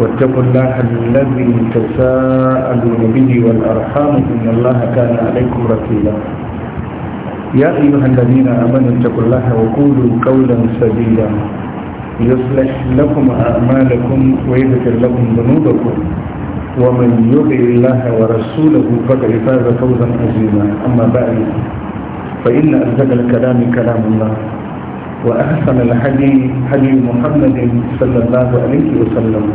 واتقوا الله الذي تساءلون به والأرحام إن الله كان عليكم رسيلا يا أيها الذين آمنوا اتقوا الله وقولوا قولا سديدا يصلح لكم أعمالكم ويغفر لكم ذنوبكم ومن يطع الله ورسوله فقد فاز فوزا عظيما أما بعد فإن أصدق الكلام كلام الله وأحسن الحديث حديث محمد صلى الله عليه وسلم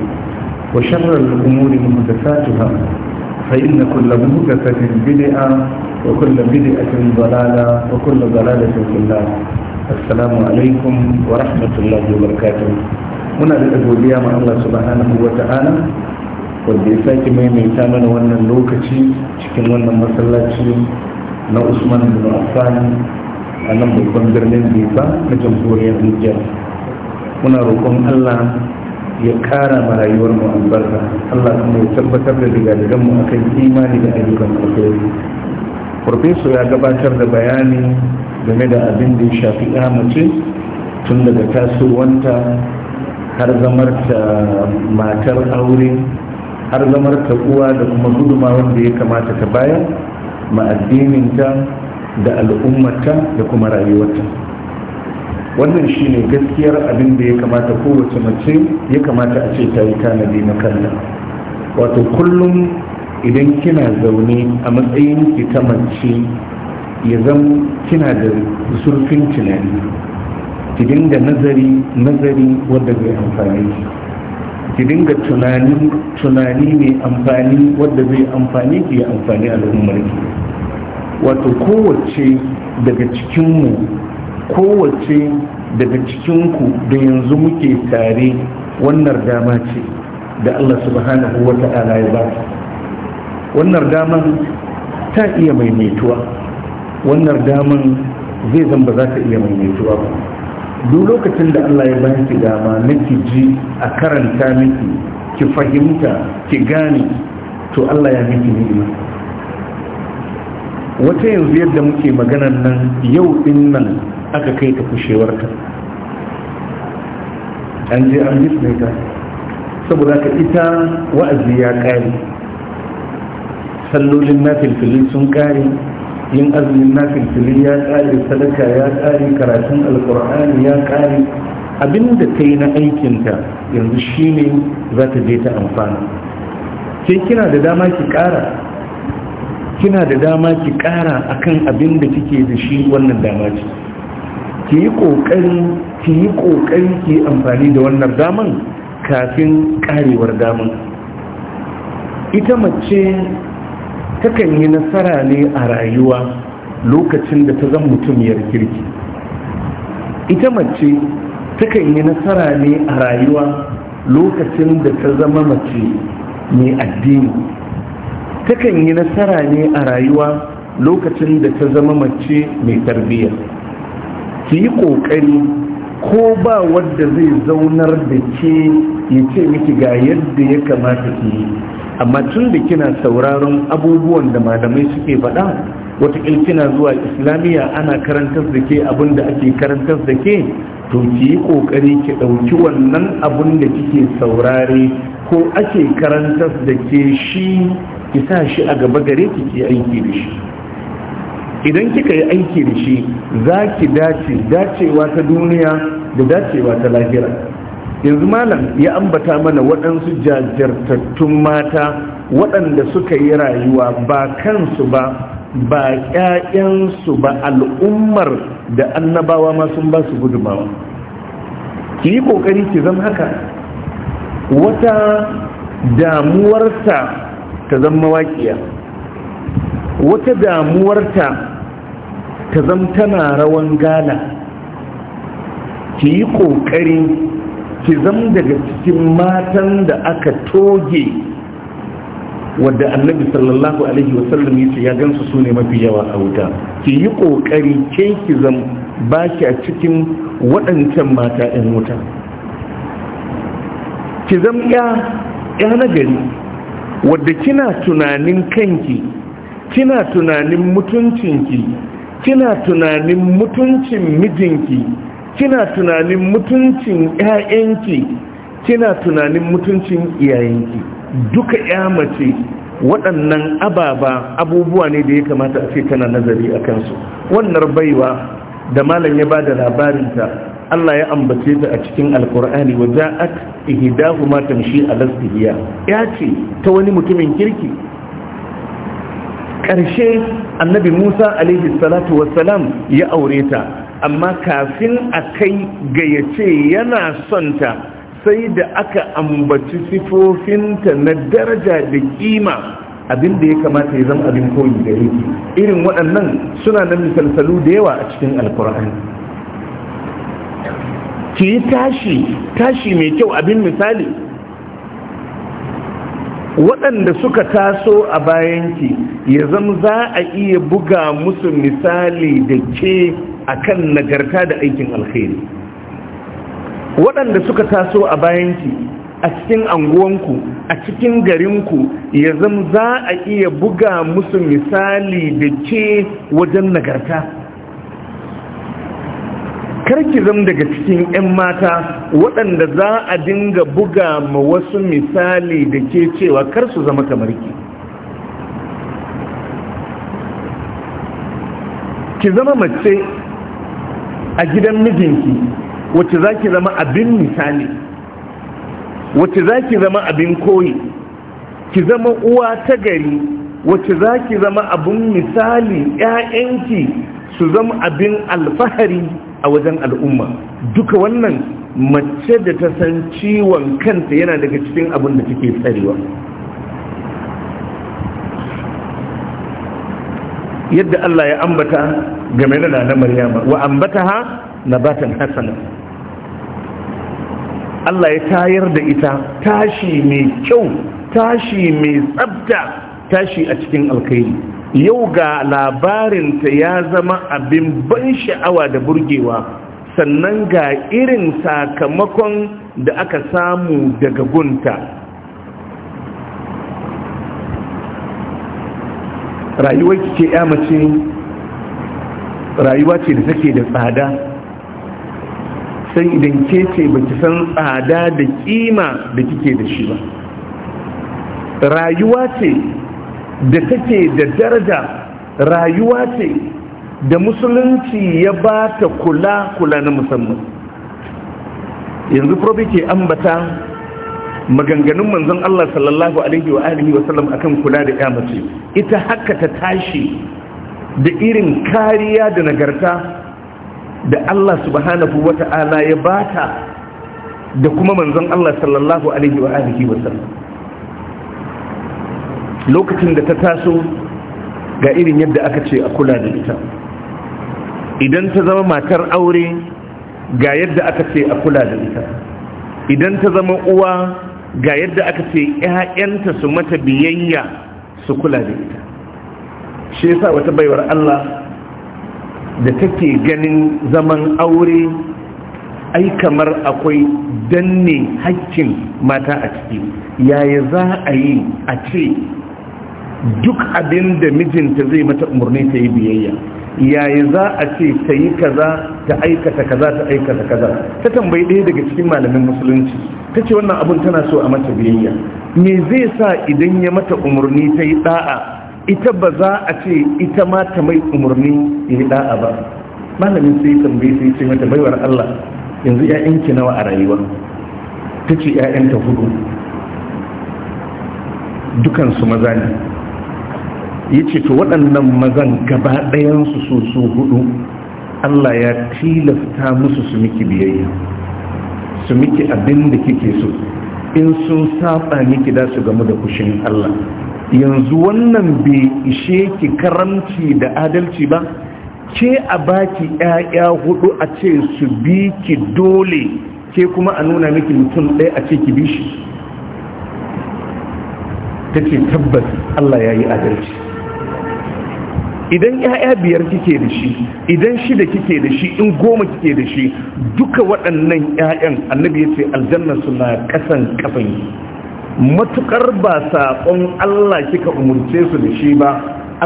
وشر الأمور محدثاتها فإن كل محدثة بدعة وكل بدعة ضلالة وكل ضلالة في الله السلام عليكم ورحمة الله وبركاته muna da godiya ma Allah subhanahu wanda ya sake maimaita mana wannan lokaci cikin wannan masallaci na Usman bin Affan a nan babban birnin Bifa na jamhuriyar Nijar muna roƙon Allah ya kara ma rayuwar mu albarka Allah kuma ya tabbatar da digadigan mu akan imani da ayyukan alkhairi professor ya gabatar da bayani game da abin da ya shafi mace tun daga tasowanta har zamar ta matar aure har zamar ta uwa da kuma guduma wanda ya kamata ta bayan ma addininta da al'ummata da kuma rayuwarta wannan shine gaskiyar abin da ya kamata kowace mace ya kamata a ce ta yi tanadi na kanta wato kullum idan kina zaune a matsayin ki ta mace ya zama kina da zurfin tunani ki dinga nazari nazari wanda zai amfani ki ki dinga tunani tunani mai amfani wadda zai amfani ki ya amfani al'ummar ki wato kowace daga cikinmu kowace daga cikinku da yanzu muke tare wannan dama ce da Allah subhanahu wa ta'ala ya ba wannan daman ta iya maimaituwa wannan daman zai zan ba za ta iya maimaituwa duk lokacin da Allah ya ba ki dama miki ji a karanta miki ki fahimta ki gane to Allah ya miki ni'ima wata yanzu yadda muke maganan nan yau din nan aka kai ta kushewarka an je an jisne ta saboda ka ita wa'azi ya ƙare sallolin na filfili sun kare yin azumin na filfili ya ƙare sadaka ya ƙare karatun alkur'ani ya ƙare abinda ta yi na aikinta yanzu shine za ta je ta amfana ke kina da dama ki ƙara kina da dama ki kara akan abin da kike da shi wannan dama ce ki yi kokari ki yi kokari ki amfani da wannan daman kafin karewar daman ita mace takan yi nasara ne a rayuwa lokacin da ta zan mutumiyar kirki ita mace takan yi nasara ne a rayuwa lokacin da ta zama mace mai addini takan yi nasara ne a rayuwa lokacin da ta zama mace mai tarbiyya ki yi kokari ko ba wanda zai zaunar da ke ya ce miki ga yadda ya kamata ki yi amma tun da kina sauraron abubuwan da malamai suke faɗa wata kina zuwa islamiyya ana karantar da ke abin da ake karantar da ke to ki yi kokari ki ɗauki wannan abin da kike saurare ko ake karantar da ke shi ki sa shi a gaba gare ki ki aiki da shi idan kika yi aiki da shi za ki dace dacewa ta duniya da dacewa ta lahira yanzu malam ya ambata mana waɗansu jajirtattun mata waɗanda suka yi rayuwa ba kansu ba ba 'ya'yansu ba al'ummar da annabawa ma sun ba su gudumawa ki yi ƙoƙari ki zama haka wata damuwarta ta zama waƙiya wata damuwarta ta zamtana rawan gana ki yi ƙoƙari ki zama daga cikin matan da aka toge wadda annabi sallallahu alaihi wasallam ya ya gansu su ne mafi yawa a wuta ki yi ƙoƙari ke ki zama ba ki a cikin waɗancan mata 'yan wuta ki zama ya nagari wadda kina tunanin kanki kina tunanin mutuncinki kina tunanin mutuncin mijinki kina tunanin mutuncin ƴaƴanki kina tunanin mutuncin iyayenki duka ƴa mace waɗannan ababa abubuwa ne da ya kamata a ce tana nazari a kansu wannan baiwa da malam ya bada labarinta Allah ya ambace ta a cikin alkur'ani wa ja'at ihdahuma tamshi a istihiya ya ce ta wani mutumin kirki ƙarshe annabi musa alaihi salatu wassalam ya aure ta amma kafin a kai ga ya ce yana son ta sai da aka ambaci sifofinta na daraja da kima abin da ya kamata ya zama abin koyi da yake irin waɗannan suna nan misalsalu da yawa a cikin alkur'ani ki yi tashi tashi mai kyau abin misali waɗanda suka taso a bayanki ya zama za a iya buga musu misali da ke kan nagarta da aikin alkhairi waɗanda suka taso a bayanki a cikin anguwanku a cikin garinku ya zama za a iya buga musu misali da ke wajen nagarta karki zama daga cikin 'yan mata waɗanda za a dinga buga ma wasu misali da ke cewa kar su zama kamar ki ki zama mace a gidan mijinki wacce za ki zama abin misali wacce za ki zama abin koyi ki zama uwa ta gari wacce za ki zama abin misali 'ya'yanki su zama abin alfahari a wajen al'umma duka wannan mace da ta san ciwon kanta yana daga cikin abin da take tsarewa yadda Allah ya ambata game da na Maryama wa ambata ha nabatan hasana Allah ya tayar da ita tashi mai kyau tashi mai tsabta tashi a cikin alkhairi yau ga labarinta ya zama abin ban sha'awa da burgewa sannan ga irin sakamakon da aka samu daga gunta rayuwa ke mace rayuwa ce da take da tsada sai idan ke ce baki san tsada da kima da kike da shi ba rayuwa ce da take da daraja rayuwa ce da musulunci ya ba ta kula-kula na musamman yanzu probe ke ambata maganganun manzon Allah sallallahu alaihi wa alihi wa sallam akan kula da yamace ita haka ta tashi da irin kariya da nagarta da Allah subhanahu wata'ala ya bata da kuma manzon Allah sallallahu alaihi wa alihi wa sallam lokacin da ta taso ga irin yadda aka ce a kula da ita idan ta zama matar aure ga yadda aka ce a kula da ita idan ta zama uwa ga yadda aka ce 'ya'yanta su mata biyayya su kula da ita shi yasa wata baiwar Allah da take ganin zaman aure ai kamar akwai danne hakkin mata a ciki yaya za a yi a ce duk abin da mijinta zai mata umarni ta yi biyayya yayi za a ce ta yi kaza ta aikata kaza ta aikata kaza ta tambayi ɗaya daga cikin malamin musulunci ta ce wannan abun tana so a mata biyayya me zai sa idan ya mata umarni ta yi ɗa'a ita ba za a ce ita ma ta mai umarni ya yi ɗa'a ba malamin sai tambayi sai ce mata baiwar allah yanzu 'ya'yanki nawa a rayuwa ta ce 'ya'yanta hudu dukansu maza ne ya ce to waɗannan mazan gaba ɗayansu su su hudu Allah ya tilasta musu su miki biyayya su miki abin da kike so in sun saba miki da su gamu da kushin Allah yanzu wannan bai ishe ki karamci da adalci ba ke a baki ƴaƴa hudu a ce su bi ki dole ke kuma a nuna miki mutum ɗaya a ce ki bi shi ta ce tabbas Allah ya yi adalci idan ya'ya biyar kike da shi idan shida kike da shi in goma kike da shi duka waɗannan ya'yan annabi ya ce aljanna suna kasan kafin matukar ba saƙon allah kika umurce su da shi ba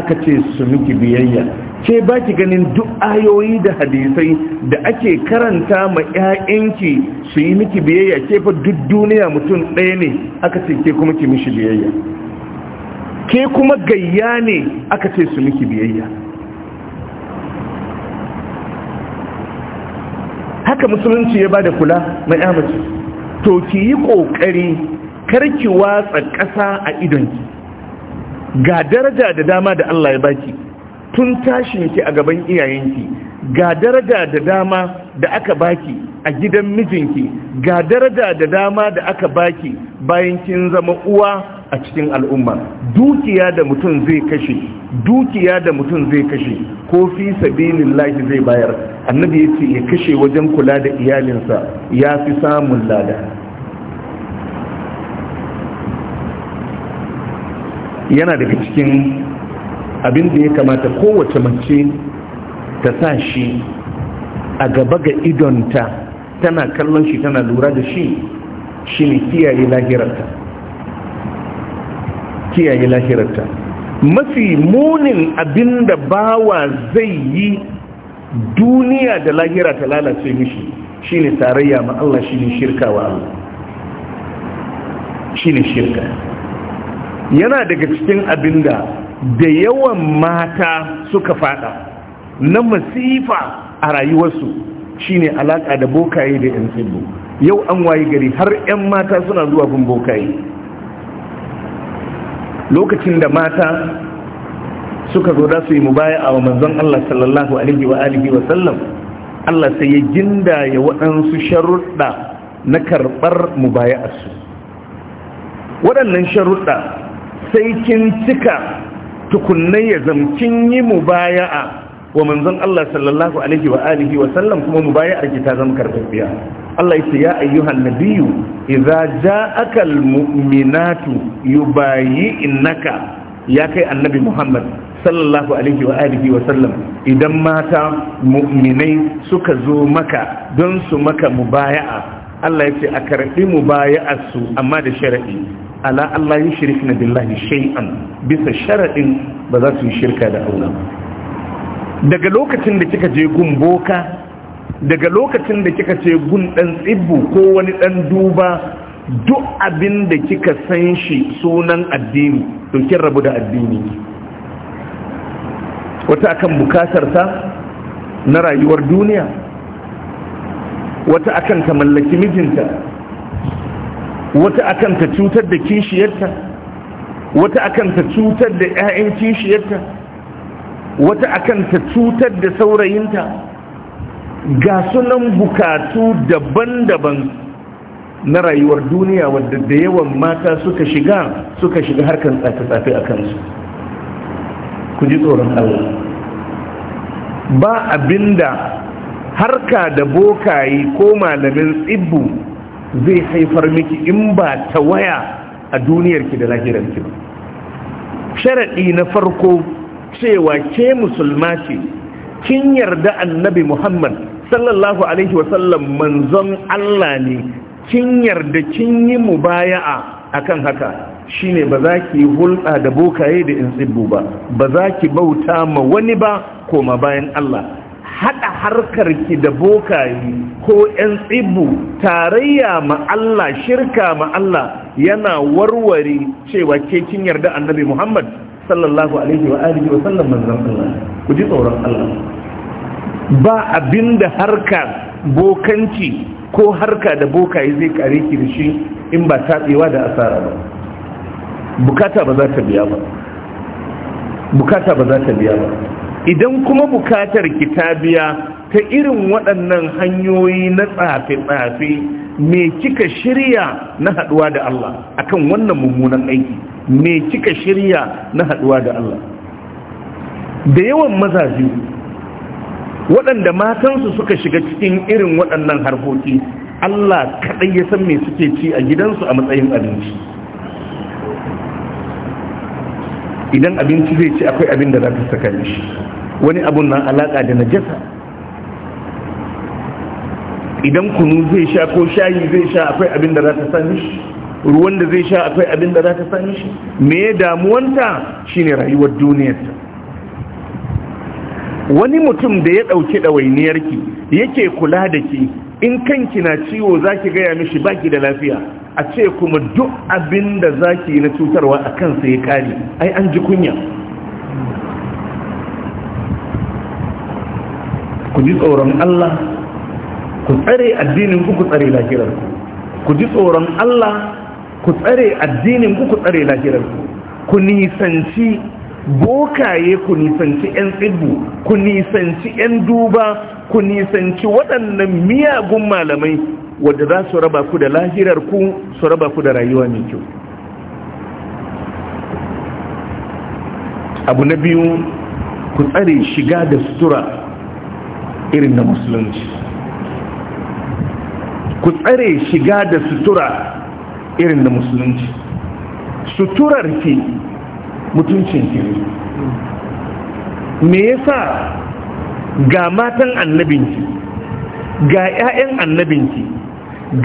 aka ce su miki biyayya ke ba ki ganin duk ayoyi da hadisai da ake karanta ma 'ya'yanki su yi miki biyayya ke fa duk duniya mutum ɗaya ne aka ce ke kuma ki mishi biyayya ke kuma gayya ne aka ce su miki biyayya haka musulunci ya bada kula mai amince to ki yi kokari ki watsa ƙasa a idonki ga daraja da dama da Allah ya baki tun tashin ki a gaban iyayenki ga daraja da dama da aka baki a gidan mijinki ga daraja da dama da aka baki bayan kin zama uwa a cikin al'umma dukiya da mutum zai kashe dukiya da mutum zai kashe ko fi sabilin lahi zai bayar annabi ya ce ya kashe wajen kula da iyalinsa ya fi samun lada yana daga cikin abin da ya kamata kowace mace ta sa shi a gaba ga idonta tana kallon shi tana lura da shi shi ne kiyaye lahirarta kiyaye lahirarta mafi munin abinda bawa zai yi duniya da lahira ta lalace mishi shine tarayya ma Allah shine shirka wa Allah shine shirka yana daga cikin abinda da yawan mata suka fada na masifa a rayuwarsu shine alaƙa da bokaye da yan tsibbu yau an wayi gari har yan mata suna zuwa bin bokaye lokacin da mata suka zo da su yi mubaya a manzon Allah sallallahu alaihi wa alihi wa sallam Allah sai ya ya waɗansu sharuɗa na karɓar mubaya'arsu waɗannan sharuɗa sai kin cika tukunnai ya zamkin yi mubaya'a wa manzon Allah sallallahu alaihi wa alihi wa sallam kuma mubaya'ar ki ta zama karɓaɓɓiya Allah ya ce ya ayyuhan nabiyyu idza muminatu yubayi yubayyi'naka ya kai annabi Muhammad sallallahu alaihi wa alihi wa sallam idan mata mu'minai suka zo maka don su maka mubaya'a Allah ya ce a karɓi mubaya'arsu amma da sharaɗi ala Allah yi na billahi shay'an bisa sharaɗin ba za su yi shirka da Allah daga lokacin da kika je gumboka daga lokacin da kika ce gun ɗan tsibbu ko wani ɗan duba duk abin da kika san shi sunan addini to kin rabu da addini wata akan ta na rayuwar duniya wata akan ta mallaki mijinta wata akan ta cutar da kishiyarta wata akan ta cutar da 'ya'yan kishiyarta wata akan ta cutar da saurayinta ga sunan bukatu daban-daban na rayuwar duniya wadda da yawan mata suka shiga suka shiga harkar tsafe-tsafe a kansu ku ji tsoron allah ba abinda harka da bokaye ko malamin tsibbu zai haifar miki in ba ta waya a duniyarki da lahirarki ba sharaɗi na farko cewa ke musulma ce kin yarda annabi muhammad sallallahu alaihi wasallam manzon Allah ne kin yarda kin yi mubaya'a akan haka shine ba za ki hulɗa da bokaye da in tsibbu ba ba za ki bauta ma wani ba ko ma bayan Allah haɗa ki da bokaye ko 'yan tsibbu tarayya ma Allah shirka ma Allah yana warware cewa ke kin yarda annabi Muhammad sallallahu alaihi wa alihi wa sallam manzon Allah ku ji tsoron Allah ba abin da harka bokanci ko harka da bokaye zai kare ki da shi in ba tatsewa da asara ba bukata ba za ta biya ba bukata ba za ta biya ba idan kuma bukatar ki ta biya ta irin waɗannan hanyoyi na tsafe-tsafe me kika shirya na haɗuwa da Allah akan wannan mummunan aiki me kika shirya na haɗuwa da Allah da yawan mazaje waɗanda matansu suka shiga cikin irin waɗannan harkoki Allah kaɗai ya san me suke ci a gidansu a matsayin abinci idan abinci zai ci akwai abin da za ta saka shi wani abun na alaƙa da najasa idan kunu zai sha ko shayi zai sha akwai abin da za ta sami shi ruwan da zai sha akwai abin da za ta sami shi me damuwanta shine rayuwar duniyarta wani mutum da ya ɗauki ɗawainiyarki yake kula da ki in kanki na ciwo za ki gaya mishi baki da lafiya a ce kuma duk abin da za ki na cutarwa a kansa ya kare ai an ji kunya ku ji tsoron Allah ku tsare addinin ku ku tsare lahirar ku ji tsoron Allah ku tsare addinin ku ku tsare lahirar ku nisanci bokaye ku nisanci 'yan tsibbu ku nisanci 'yan duba ku nisanci waɗannan miyagun malamai wadda za su raba ku da lahirar ku su raba ku da rayuwa mai kyau abu na biyu ku tsare shiga da sutura irin na musulunci ku tsare shiga da sutura irin na musulunci suturar ke. mutuncin ki me yasa ga matan annabinki ga 'ya'yan annabinki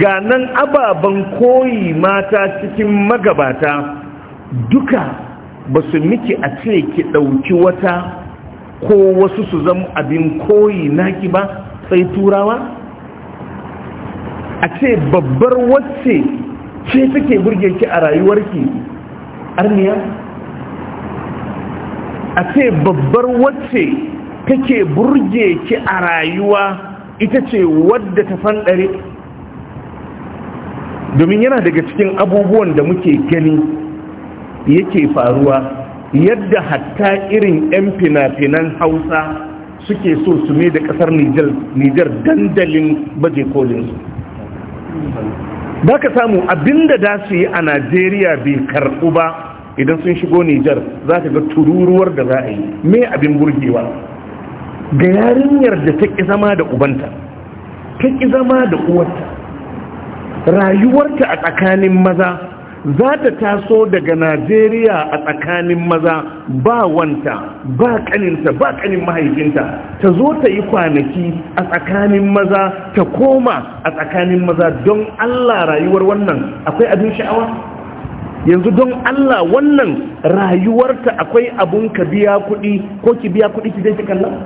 ga nan ababen koyi mata cikin magabata duka ba su miki a ce ki ɗauki wata ko wasu su zama abin koyi naki ba sai turawa a ce babbar wacce ce take burge ki a rayuwarki arniya a ce babbar wacce take burge ki a rayuwa ita ce wadda ta fanɗare domin yana daga cikin abubuwan da muke gani yake faruwa yadda hatta irin 'yan fina-finan hausa suke so su mai da ƙasar nijar dandalin baje kolinsu ba ka samu abinda da su yi a najeriya bai karɓu ba idan sun shigo nijar za ka ga tururuwar da za a yi me abin burgewa ga yarinyar da ta ƙi zama da ubanta ta ƙi zama da uwarta rayuwarta a tsakanin maza za ta taso daga najeriya a tsakanin maza ba wanta ba kaninta ba ƙanin mahaifinta ta zo ta yi kwanaki a tsakanin maza ta koma a tsakanin maza don allah rayuwar wannan akwai abin sha'awa yanzu don Allah wannan rayuwarta akwai abun ka biya kuɗi ko ki biya kuɗi ki zai ki kallon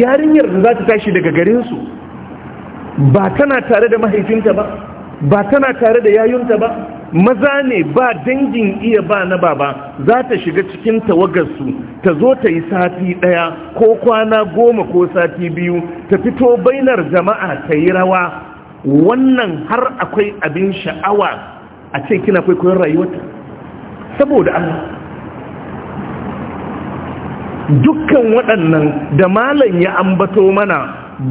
yarinyar da za ta tashi daga garinsu ba tana tare da mahaifinta ba ba tana tare da yayunta ba maza ne ba dangin iya ba na baba za ta shiga cikin tawagarsu ta zo ta yi sati ɗaya ko kwana goma ko sati biyu ta fito bainar jama'a ta yi rawa wannan har akwai abin sha'awa a ce kina koyon rayuwarta saboda Allah dukkan waɗannan da malam ya ambato mana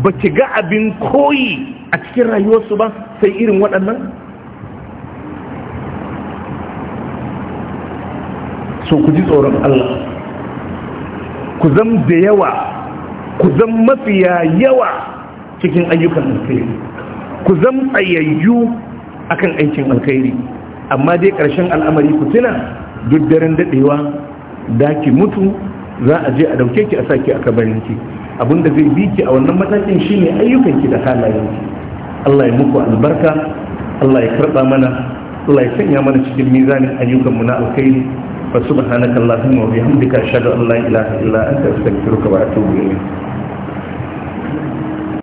ba ki ga abin koyi a cikin rayuwarsu ba sai irin waɗannan? so ku ji tsoron Allah ku zan da yawa ku zan mafiya yawa cikin ayyukan alkhairi ku zan tsayayyu akan aikin alkhairi amma dai ƙarshen al'amari ku tuna duk daren daɗewa da ki mutu za a je a ɗauke ki a saki a kabarinki abinda zai bi ki a wannan matakin shine ki da halayenki Allah ya muku albarka Allah ya karɓa mana Allah ya sanya mana cikin mizanin ayyukanmu na alkhairi fa subhanaka allahumma wa bihamdika ashhadu an la ilaha illa anta astaghfiruka wa atubu ilayk